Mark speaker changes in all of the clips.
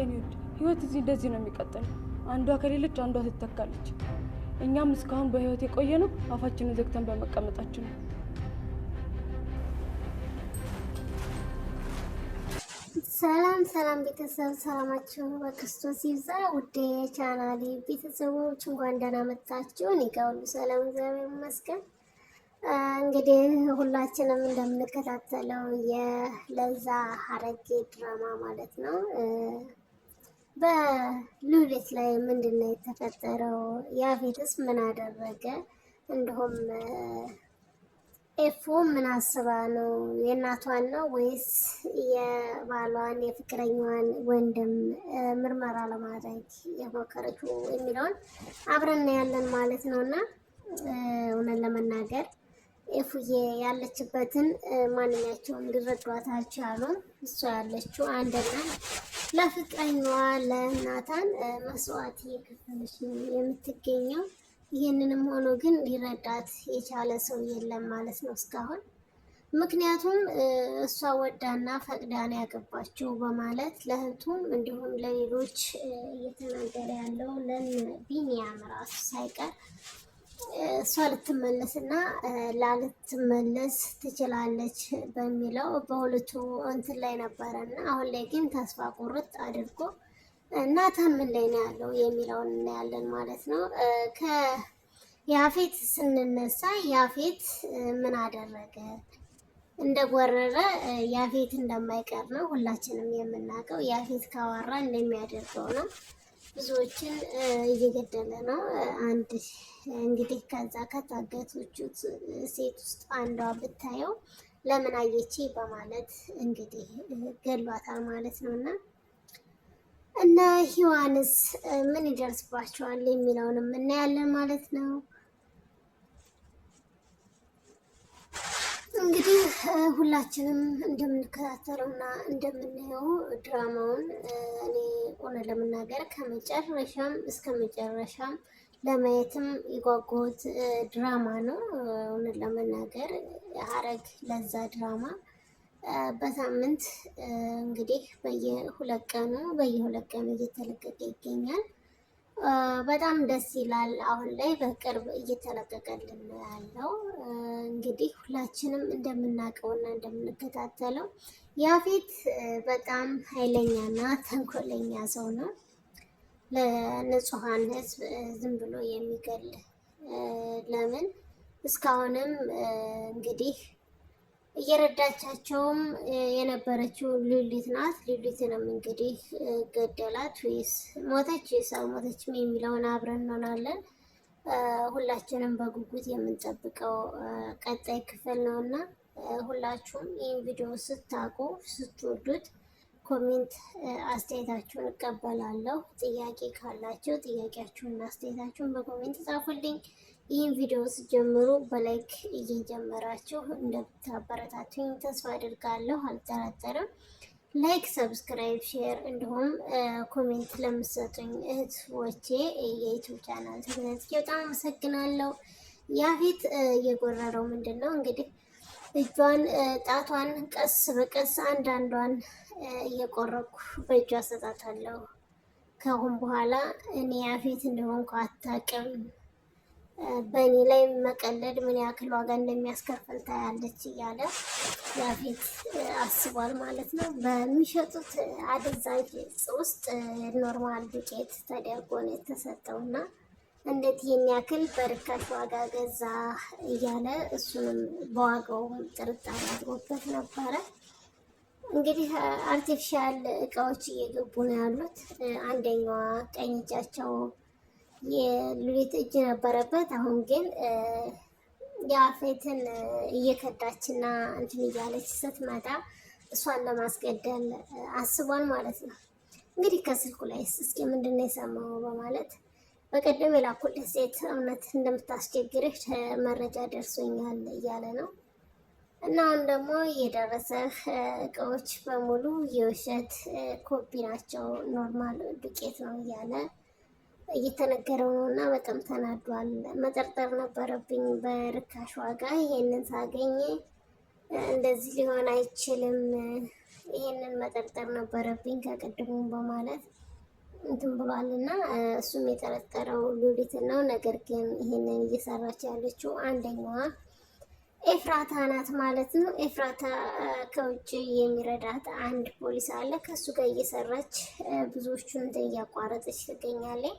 Speaker 1: የኔ ህይወት እዚህ እንደዚህ ነው የሚቀጥለው። አንዷ ከሌለች አንዷ ትተካለች። እኛም እስካሁን በህይወት የቆየ ነው አፋችንን ዘግተን በመቀመጣችን ነው።
Speaker 2: ሰላም ሰላም ቤተሰብ ሰላማችሁ በክርስቶስ ይብዛ። ውድ የቻናሌ ቤተሰቦች እንኳን ደህና መጣችሁ። እኔ ጋር ሁሉ ሰላም እግዚአብሔር ይመስገን። እንግዲህ ሁላችንም እንደምንከታተለው የለዛ ሀረጌ ድራማ ማለት ነው በሉሊት ላይ ምንድን ነው የተፈጠረው? ያፌትስ ምን አደረገ? እንዲሁም ኤፎ ምን አስባ ነው? የእናቷን ነው ወይስ የባሏን የፍቅረኛዋን ወንድም ምርመራ ለማድረግ የሞከረችው የሚለውን አብረን ያለን ማለት ነው እና እውነት ለመናገር ኤፉዬ ያለችበትን ማንኛቸውም ሊረዷት አልቻሉም። እሷ ያለችው አንድና ለፍቅረኛዋ ለናታን መስዋዕት እየከፈለች ነው የምትገኘው። ይህንንም ሆኖ ግን ሊረዳት የቻለ ሰው የለም ማለት ነው እስካሁን። ምክንያቱም እሷ ወዳና ፈቅዳን ያገባችው በማለት ለእህቱም እንዲሁም ለሌሎች እየተናገረ ያለው ለቢኒያም ራሱ ሳይቀር እሷ ልትመለስና ላልትመለስ ትችላለች በሚለው በሁለቱ እንትን ላይ ነበረ እና አሁን ላይ ግን ተስፋ ቁርጥ አድርጎ እና ምን ላይ ነው ያለው የሚለውን እናያለን ማለት ነው። ከያፌት ስንነሳ ያፌት ምን አደረገ? እንደጎረረ ያፌት እንደማይቀር ነው ሁላችንም የምናውቀው። ያፌት ካወራ እንደሚያደርገው ነው። ብዙዎችን እየገደለ ነው። አንድ እንግዲህ ከዛ ከታገቶቹት ሴት ውስጥ አንዷ ብታየው ለምን አየች በማለት እንግዲህ ገሏታል ማለት ነው። እና እና ህዋንስ ምን ይደርስባቸዋል የሚለውንም እናያለን ማለት ነው። እንግዲህ ሁላችንም እንደምንከታተለው እና እንደምን ይኸው ድራማውን እኔ እውነት ለመናገር ከመጨረሻም እስከ መጨረሻም ለማየትም የጓጓሁት ድራማ ነው። እውነት ለመናገር ሐረግ ለዛ ድራማ በሳምንት እንግዲህ በየሁለት ቀኑ በየሁለት ቀኑ እየተለቀቀ ይገኛል። በጣም ደስ ይላል። አሁን ላይ በቅርብ እየተለቀቀልን ያለው እንግዲህ ሁላችንም እንደምናውቀውና እንደምንከታተለው ያፌት በጣም ኃይለኛና ተንኮለኛ ሰው ነው። ለንጹሐን ሕዝብ ዝም ብሎ የሚገል ለምን እስካሁንም እንግዲህ እየረዳቻቸውም የነበረችው ሉሊት ናት። ሉሊትንም እንግዲህ ገደላት ወይስ ሞተች ሰው አልሞተችም የሚለውን አብረን እንሆናለን። ሁላችንም በጉጉት የምንጠብቀው ቀጣይ ክፍል ነው እና ሁላችሁም ይህን ቪዲዮ ስታቁ ስትወዱት ኮሜንት አስተያየታችሁን እቀበላለሁ። ጥያቄ ካላቸው ጥያቄያችሁን አስተያየታችሁን በኮሜንት ጻፉልኝ። ይህን ቪዲዮ ስጀምሩ በላይክ እየጀመራችሁ እንደምታበረታቱኝ ተስፋ አድርጋለሁ፣ አልጠራጠርም። ላይክ፣ ሰብስክራይብ፣ ሼር እንዲሁም ኮሜንት ለምሰጡኝ እህቶቼ የዩቱብ ቻናል ተከታትዬ በጣም አመሰግናለሁ። ያፌት እየጎረረው ምንድን ነው እንግዲህ እጇን ጣቷን ቀስ በቀስ አንዳንዷን እየቆረኩ በእጇ አሰጣታለሁ። ከአሁን በኋላ እኔ ያፌት እንደሆንኩ አታውቅም በእኔ ላይ መቀለድ ምን ያክል ዋጋ እንደሚያስከፍል ታያለች እያለ ያፌት አስቧል ማለት ነው። በሚሸጡት አደንዛዥ እጽ ውስጥ ኖርማል ዱቄት ተደርጎ ነው የተሰጠው እና እንዴት ይህን ያክል በርካሽ ዋጋ ገዛ እያለ እሱንም በዋጋውም ጥርጣሬ አድሮበት ነበረ። እንግዲህ አርቲፊሻል እቃዎች እየገቡ ነው ያሉት። አንደኛዋ ቀኝ እጃቸው የሉሊት እጅ ነበረበት። አሁን ግን የአፌትን እየከዳችና እንትን እያለች ስትመጣ እሷን ለማስገደል አስቧል ማለት ነው። እንግዲህ ከስልኩ ላይ እስኪ ምንድን ነው የሰማው በማለት በቀደም የላኩል ሴት እውነት እንደምታስቸግርህ መረጃ ደርሶኛል እያለ ነው። እና አሁን ደግሞ የደረሰ እቃዎች በሙሉ የውሸት ኮፒ ናቸው፣ ኖርማል ዱቄት ነው እያለ እየተነገረው ነው እና በጣም ተናዷል። መጠርጠር ነበረብኝ በርካሽ ዋጋ ይሄንን ሳገኝ እንደዚህ ሊሆን አይችልም፣ ይሄንን መጠርጠር ነበረብኝ ከቅድሙም በማለት እንትን ብሏል እና እሱም የጠረጠረው ሉሊት ነው። ነገር ግን ይሄንን እየሰራች ያለችው አንደኛዋ ኤፍራታ ናት ማለት ነው። ኤፍራታ ከውጭ የሚረዳት አንድ ፖሊስ አለ። ከእሱ ጋር እየሰራች ብዙዎቹን እንትን እያቋረጠች ትገኛለች።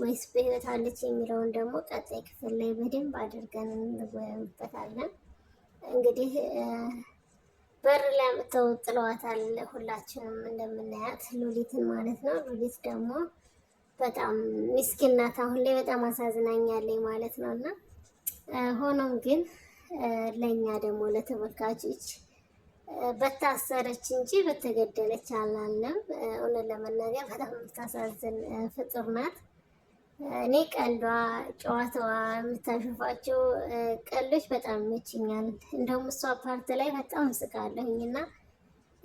Speaker 2: ወይስ በህይወት አለች የሚለውን ደግሞ ቀጣይ ክፍል ላይ በደንብ አድርገን እንወያይበታለን። እንግዲህ በር ላይ አምጥተው ጥለዋታል። ሁላችንም እንደምናያት ሉሊትን ማለት ነው። ሉሊት ደግሞ በጣም ሚስኪን ናት። አሁን ላይ በጣም አሳዝናኛለኝ ማለት ነው እና ሆኖም ግን ለእኛ ደግሞ ለተመልካቾች በታሰረች እንጂ በተገደለች አላለም። እውነት ለመናገር በጣም የምታሳዝን ፍጡር ናት። እኔ ቀልዷ፣ ጨዋታዋ የምታሸፋቸው ቀልዶች በጣም ይመችኛል። እንደውም እሷ ፓርት ላይ በጣም ስቃለሁኝ እና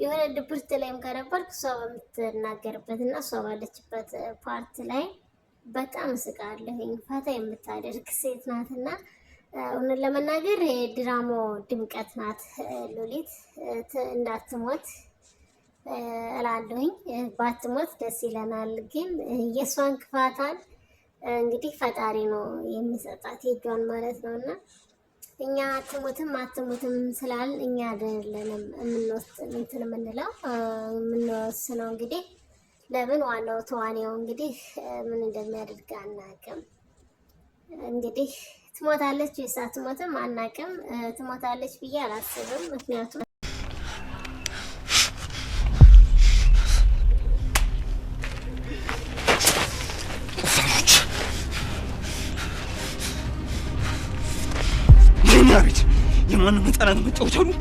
Speaker 2: የሆነ ድብርት ላይም ከነበርኩ እሷ በምትናገርበት እና እሷ ባለችበት ፓርት ላይ በጣም ስቃለሁኝ። ፈታ የምታደርግ ሴት ናት እና እውነት ለመናገር የድራማው ድምቀት ናት። ሉሊት እንዳትሞት እላለሁኝ። ባትሞት ደስ ይለናል። ግን የእሷን ክፋታል እንግዲህ ፈጣሪ ነው የሚሰጣት የእጇን ማለት ነው። እና እኛ አትሙትም አትሙትም ስላል እኛ አይደለንም የምንወስን እንትን የምንለው የምንወስነው እንግዲህ ለምን ዋናው ተዋንያው እንግዲህ ምን እንደሚያደርግ አናቅም። እንግዲህ ትሞታለች ወይስ አትሞትም አናቅም። ትሞታለች ብዬ አላስብም፣ ምክንያቱም ማንም ህፃናት መጫወቻሉ